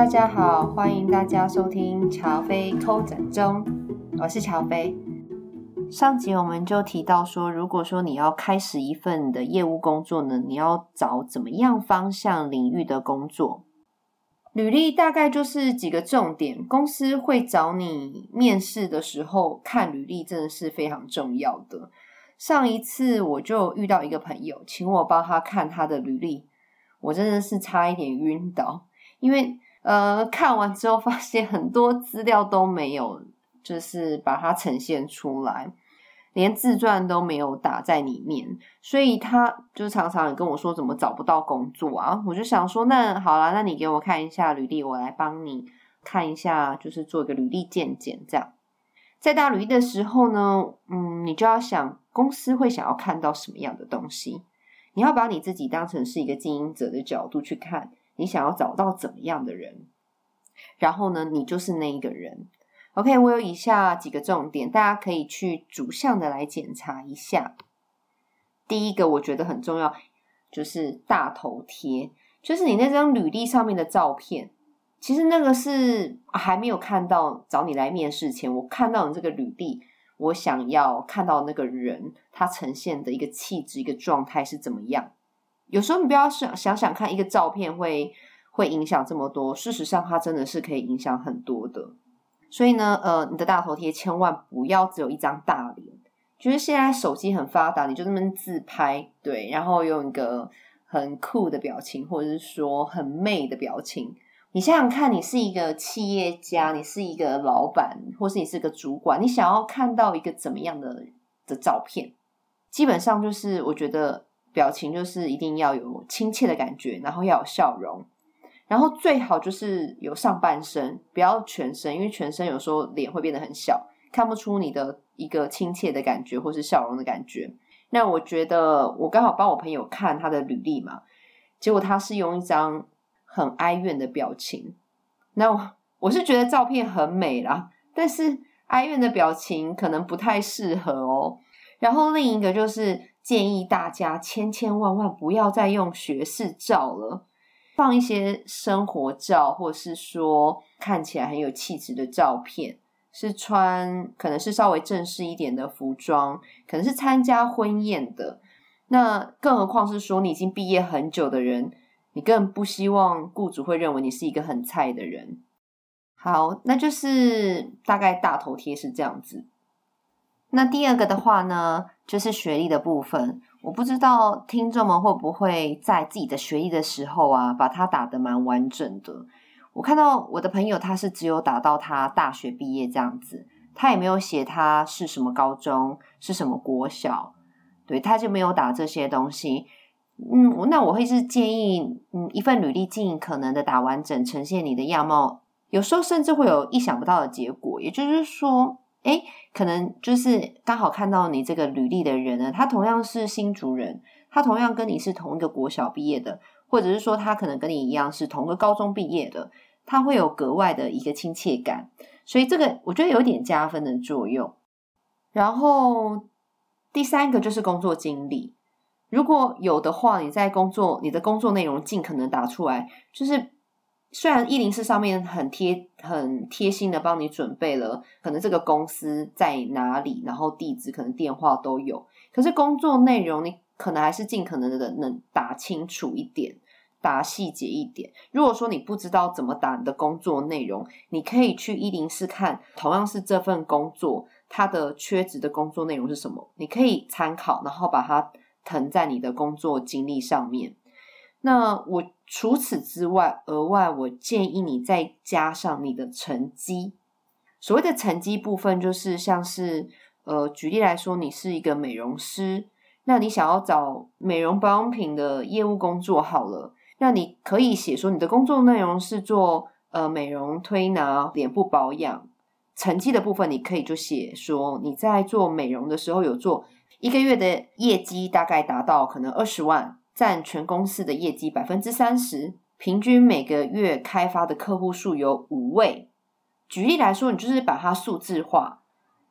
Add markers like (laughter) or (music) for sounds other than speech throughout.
大家好，歡迎大家收聽喬飛偷整鐘。我是喬飛。上集我們就提到說，如果說你要開始一份的業務工作呢，你要找怎麼樣方向領域的工作？履歷大概就是幾個重點，公司會找你面試的時候看履歷，真的是非常重要的。上一次我就遇到一個朋友，請我幫他看他的履歷，我真的是差一點暈倒，因為，呃，看完之後發現很多資料都沒有，就是把它呈現出來，連自傳都沒有打在裡面，所以他就常常跟我說，怎麼找不到工作啊？我就想說，那好啦，那你給我看一下履歷，我來幫你看一下，就是做一個履歷健檢這樣。在打履歷的時候呢，嗯，你就要想，公司會想要看到什麼樣的東西，你要把你自己當成是一個經營者的角度去看，你想要找到怎麼樣的人，然後呢，你就是那一個人。OK，我有以下幾個重點，大家可以去逐項的來檢查一下。第一個，我覺得很重要，就是大頭貼，就是你那張履歷上面的照片。其實那個是，啊，還沒有看到找你來面試前，我看到你這個履歷，我想要看到那個人他呈現的一個氣質、一個狀態是怎麼樣。有時候你不要想想想看，一個照片會會影響這麼多。事實上，它真的是可以影響很多的。所以呢，呃，你的大頭貼千萬不要只有一張大臉。就是現在手機很發達，你就那麼自拍，對，然後用一個很酷的表情，或者是說很媚的表情。你想想看，你是一個企業家，你是一個老闆，或是你是一個主管，你想要看到一個怎麼樣的的照片？基本上就是，我覺得。表情就是一定要有親切的感覺，然後要有笑容，然後最好就是有上半身，不要全身，因為全身有時候臉會變得很小，看不出你的一個親切的感覺或是笑容的感覺。那我覺得我剛好幫我朋友看他的履歷嘛，結果他是用一張很哀怨的表情，那我，我是覺得照片很美啦，但是哀怨的表情可能不太適合哦。然後另一個就是。建議大家千千萬萬不要再用學士照了，放一些生活照，或是說看起來很有氣質的照片，是穿可能是稍微正式一點的服裝，可能是參加婚宴的。那更何況是說你已經畢業很久的人，你更不希望雇主會認為你是一個很菜的人。好，那就是大概大頭貼是這樣子。那第二個的話呢，就是學歷的部分。我不知道聽眾們會不會在自己的學歷的時候啊，把它打得蠻完整的。我看到我的朋友，他是只有打到他大學畢業這樣子，他也沒有寫他是什麼高中，是什麼國小，對，他就沒有打這些東西。嗯，那我會是建議，嗯，一份履歷盡可能的打完整，呈現你的樣貌。有時候甚至會有意想不到的結果，也就是說。哎，可能就是剛好看到你這個履歷的人呢，他同樣是新竹人，他同樣跟你是同一個國小畢業的，或者是說他可能跟你一樣是同個高中畢業的，他會有格外的一個親切感，所以這個我覺得有點加分的作用。然後第三個就是工作經歷，如果有的話，你在工作，你的工作內容盡可能打出來，就是。雖然一零四上面很貼很貼心的幫你準備了，可能這個公司在哪裡，然後地址、可能電話都有。可是工作內容你可能還是盡可能的能答清楚一點，答細節一點。如果說你不知道怎麼答你的工作內容，你可以去一零四看，同樣是這份工作，它的缺職的工作內容是什麼，你可以參考，然後把它騰在你的工作經歷上面。那我除此之外，額外我建議你再加上你的成績。所謂的成績部分，就是像是呃，舉例來說，你是一個美容師，那你想要找美容保養品的業務工作好了，那你可以寫說你的工作內容是做呃美容推拿、臉部保養。成績的部分，你可以就寫說你在做美容的時候有做一個月的業績，大概達到可能二十萬。佔全公司的業績百分之三十，平均每個月開發的客戶數有五位。舉例來說，你就是把它數字化。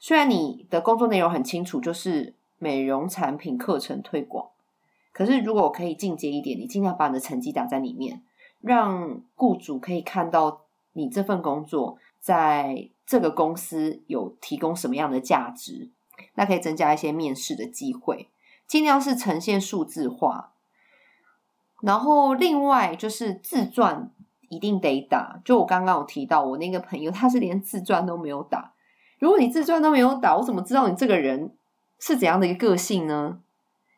雖然你的工作內容很清楚，就是美容產品課程推廣，可是如果我可以進階一點，你盡量把你的成績打在裡面，讓雇主可以看到你這份工作在這個公司有提供什麼樣的價值，那可以增加一些面試的機會。盡量是呈現數字化。然後另外就是自傳一定得打，就我剛剛有提到，我那個朋友他是連自傳都沒有打。如果你自傳都沒有打，我怎麼知道你這個人是怎樣的一個個性呢？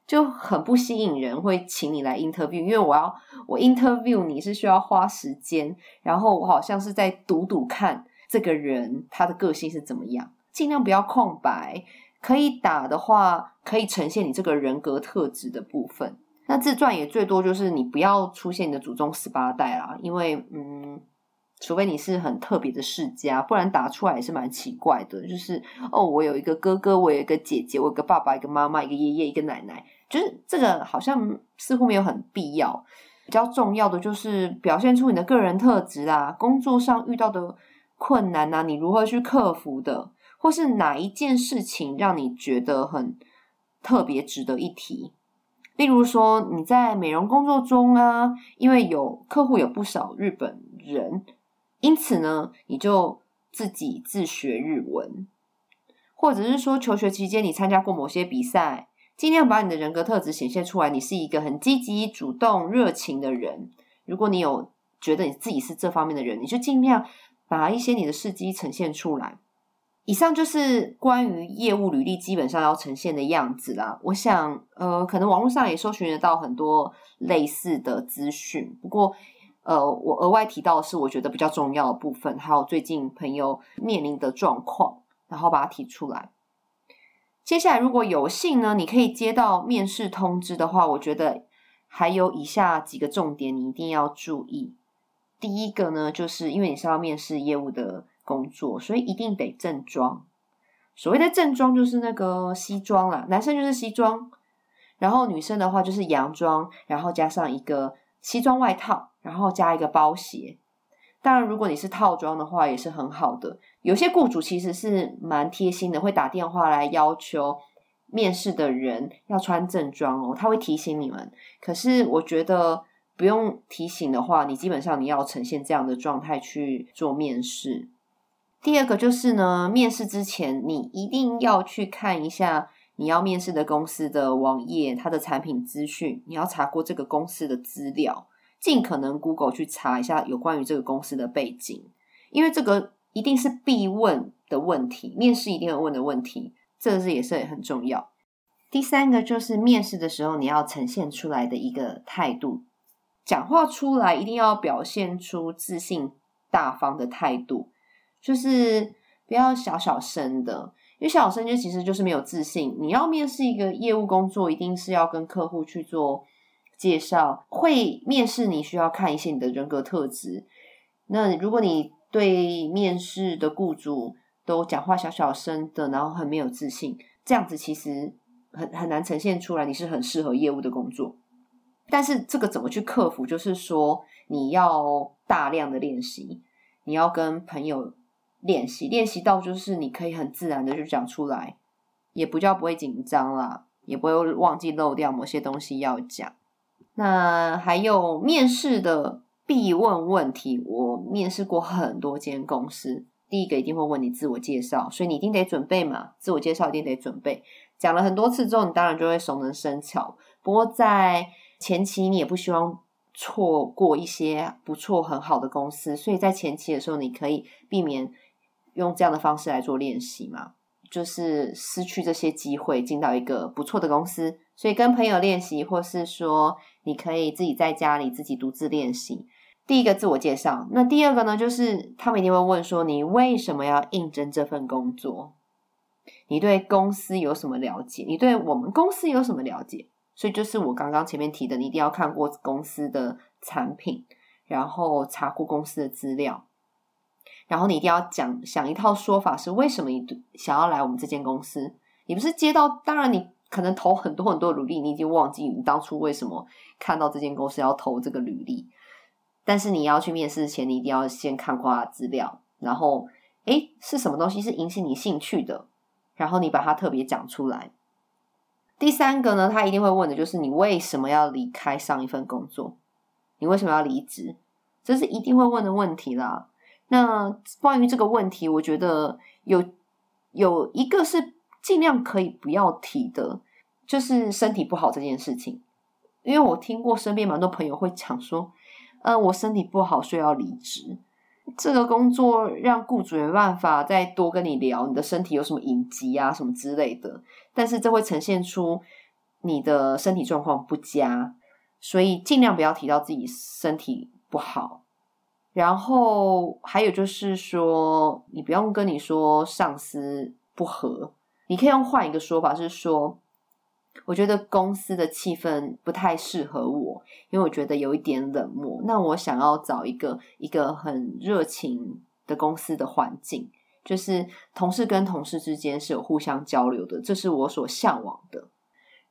就很不吸引人會請你來 interview，因為我要我 interview 你是需要花時間，然後我好像是在讀讀看這個人他的個性是怎麼樣，盡量不要空白。可以打的話，可以呈現你這個人格特質的部分。那自傳也最多就是你不要出現你的祖宗十八代啦，因為嗯，除非你是很特別的世家，不然打出來也是蠻奇怪的。就是哦，我有一個哥哥，我有一個姐姐，我有一個爸爸，一個媽媽，一個爺爺，一個奶奶，就是這個好像似乎沒有很必要。比較重要的就是表現出你的個人特質啊，工作上遇到的困難啊，你如何去克服的，或是哪一件事情讓你覺得很特別，值得一提。例如說，你在美容工作中啊，因為有客戶有不少日本人，因此呢，你就自己自學日文，或者是說求學期間你參加過某些比賽，盡量把你的人格特質顯現出來。你是一個很積極、主動、熱情的人。如果你有覺得你自己是這方面的人，你就盡量把一些你的事蹟呈現出來。以上就是關於業務履歷基本上要呈現的樣子啦。我想，呃，可能網絡上也搜尋得到很多類似的資訊。不過，呃，我額外提到的是我覺得比較重要的部分，還有最近朋友面臨的狀況，然後把它提出來。接下來，如果有幸呢，你可以接到面試通知的話，我覺得還有以下幾個重點你一定要注意。第一個呢，就是因為你是要面試業務的。工作，所以一定得正裝。所謂的正裝就是那個西裝啦，男生就是西裝，然後女生的話就是洋裝，然後加上一個西裝外套，然後加一個包鞋。當然，如果你是套裝的話，也是很好的。有些雇主其實是蠻貼心的，會打電話來要求面試的人要穿正裝哦，他會提醒你們。可是我覺得不用提醒的話，你基本上你要呈現這樣的狀態去做面試。第二個就是呢，面試之前你一定要去看一下你要面試的公司的網頁，它的產品資訊，你要查過這個公司的資料，儘可能 Google 去查一下有關於這個公司的背景，因為這個一定是必問的問題，面試一定要問的問題，這個是也是也很重要。第三個就是面試的時候你要呈現出來的一個態度，講話出來一定要表現出自信大方的態度。就是不要小小聲的，因為小小聲就其實就是沒有自信。你要面試一個業務工作，一定是要跟客戶去做介紹。會面試你需要看一些你的人格特質。那如果你對面試的僱主都講話小小聲的，然後很沒有自信，這樣子其實很很難呈現出來你是很適合業務的工作。但是這個怎麼去克服？就是說你要大量的練習，你要跟朋友。練習，練習到就是你可以很自然的就講出來，也比較不會緊張啦，也不會忘記漏掉某些東西要講。那還有面試的必問問題，我面試過很多間公司，第一個一定會問你自我介紹，所以你一定得準備嘛，自我介紹一定得準備。講了很多次之後，你當然就會熟能生巧。不過在前期，你也不希望錯過一些不錯很好的公司，所以在前期的時候，你可以避免。用這樣的方式來做練習嘛，就是失去這些機會，進到一個不錯的公司，所以跟朋友練習，或是說你可以自己在家裡自己獨自練習。第一個自我介紹，那第二個呢，就是他們一定會問說，你為什麼要應徵這份工作？你對公司有什麼了解？你對我們公司有什麼了解？所以就是我剛剛前面提的，你一定要看過公司的產品，然後查過公司的資料。然後你一定要講想一套說法，是為什麼你想要來我們這間公司？你不是接到，當然你可能投很多很多的履歷，你已經忘記你當初為什麼看到這間公司要投這個履歷。但是你要去面試前，你一定要先看過他資料，然後，誒，是什麼東西是引起你興趣的？然後你把它特別講出來。第三個呢，他一定會問的就是你為什麼要離開上一份工作？你為什麼要離職？這是一定會問的問題啦。那關於這個問題，我覺得有有一個是盡量可以不要提的，就是身體不好這件事情。因為我聽過身邊蠻多朋友會講說，嗯，呃，我身體不好，所以要離職。這個工作讓僱主沒辦法再多跟你聊你的身體有什麼隱疾啊，什麼之類的。但是這會呈現出你的身體狀況不佳，所以盡量不要提到自己身體不好。然後還有就是說，你不用跟你說上司不合，你可以用換一個說法，是說，我覺得公司的氣氛不太適合我，因為我覺得有一點冷漠。那我想要找一個一個很熱情的公司的環境，就是同事跟同事之間是有互相交流的，這是我所向往的。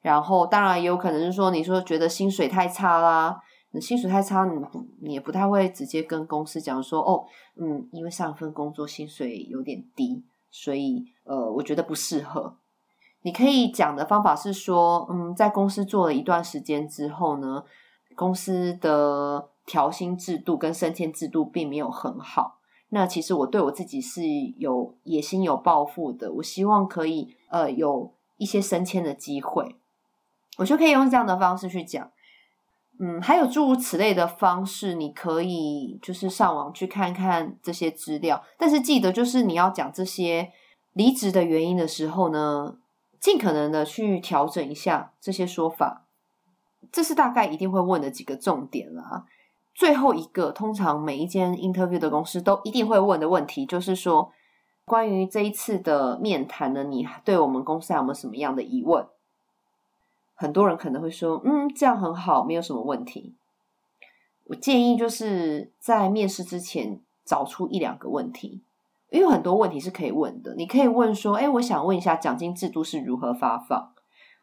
然後當然也有可能是說，你說覺得薪水太差啦。薪水太差，你不，你也不太會直接跟公司講說哦，嗯，因為上一份工作薪水有點低，所以呃，我覺得不適合。你可以講的方法是說，嗯，在公司做了一段時間之後呢，公司的調薪制度跟升遷制度並沒有很好。那其實我對我自己是有野心、有抱負的，我希望可以呃有一些升遷的機會，我就可以用這樣的方式去講。嗯，還有諸如此類的方式，你可以就是上網去看看這些資料。但是記得，就是你要講這些離職的原因的時候呢，儘可能的去調整一下這些說法。這是大概一定會問的幾個重點了啊。最後一個，通常每一間 interview 的公司都一定會問的問題，就是說關於這一次的面談呢，你對我們公司還有沒有什麼樣的疑問？很多人可能會說：“嗯，這樣很好，沒有什麼問題。”我建議就是在面試之前找出一兩個問題，因為很多問題是可以問的。你可以問說：“哎、欸，我想問一下獎金制度是如何發放？”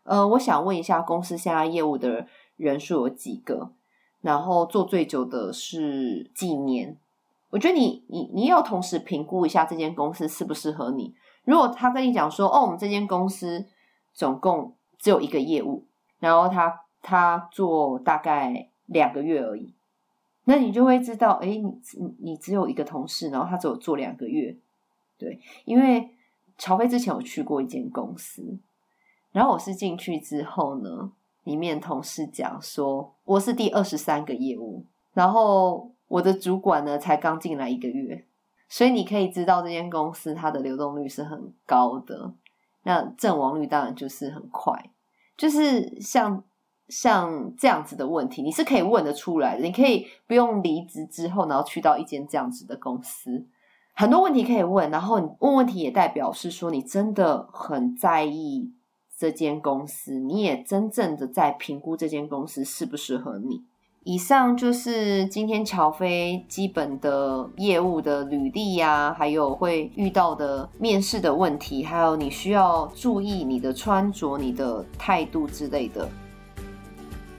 呃，我想問一下公司現在業務的人，人數有幾個？然後做最久的是幾年？我覺得你你你要同時評估一下這間公司適不適合你。如果他跟你講說：“哦，我們這間公司總共……”只有一個業務，然後他他做大概兩個月而已，那你就會知道，誒，你你只有一個同事，然後他只有做兩個月，對，因為喬飛之前有去過一間公司，然後我是進去之後呢，裡面同事講說我是第二十三個業務，然後我的主管呢才剛進來一個月，所以你可以知道這間公司它的流動率是很高的。那陣亡率當然就是很快，就是像像這樣子的問題，你是可以問得出來的。你可以不用離職之後，然後去到一間這樣子的公司，很多問題可以問。然後你問問題也代表是說，你真的很在意這間公司，你也真正的在評估這間公司適不適合你。以上就是今天喬飛基本的業務的履歷呀、啊，還有會遇到的面試的問題，還有你需要注意你的穿着、你的態度之類的。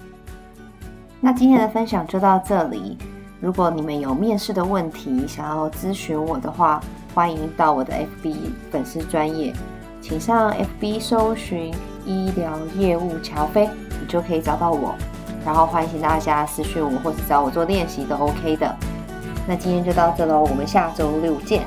(noise) 那今天的分享就到這裡。如果你們有面試的問題想要諮詢我的話，歡迎到我的 FB 粉絲專頁，請上 FB 搜尋醫療業務喬飛，你就可以找到我。然後歡迎大家私訊我，或是找我做練習都 OK 的。那今天就到這嘍，我們下周六見。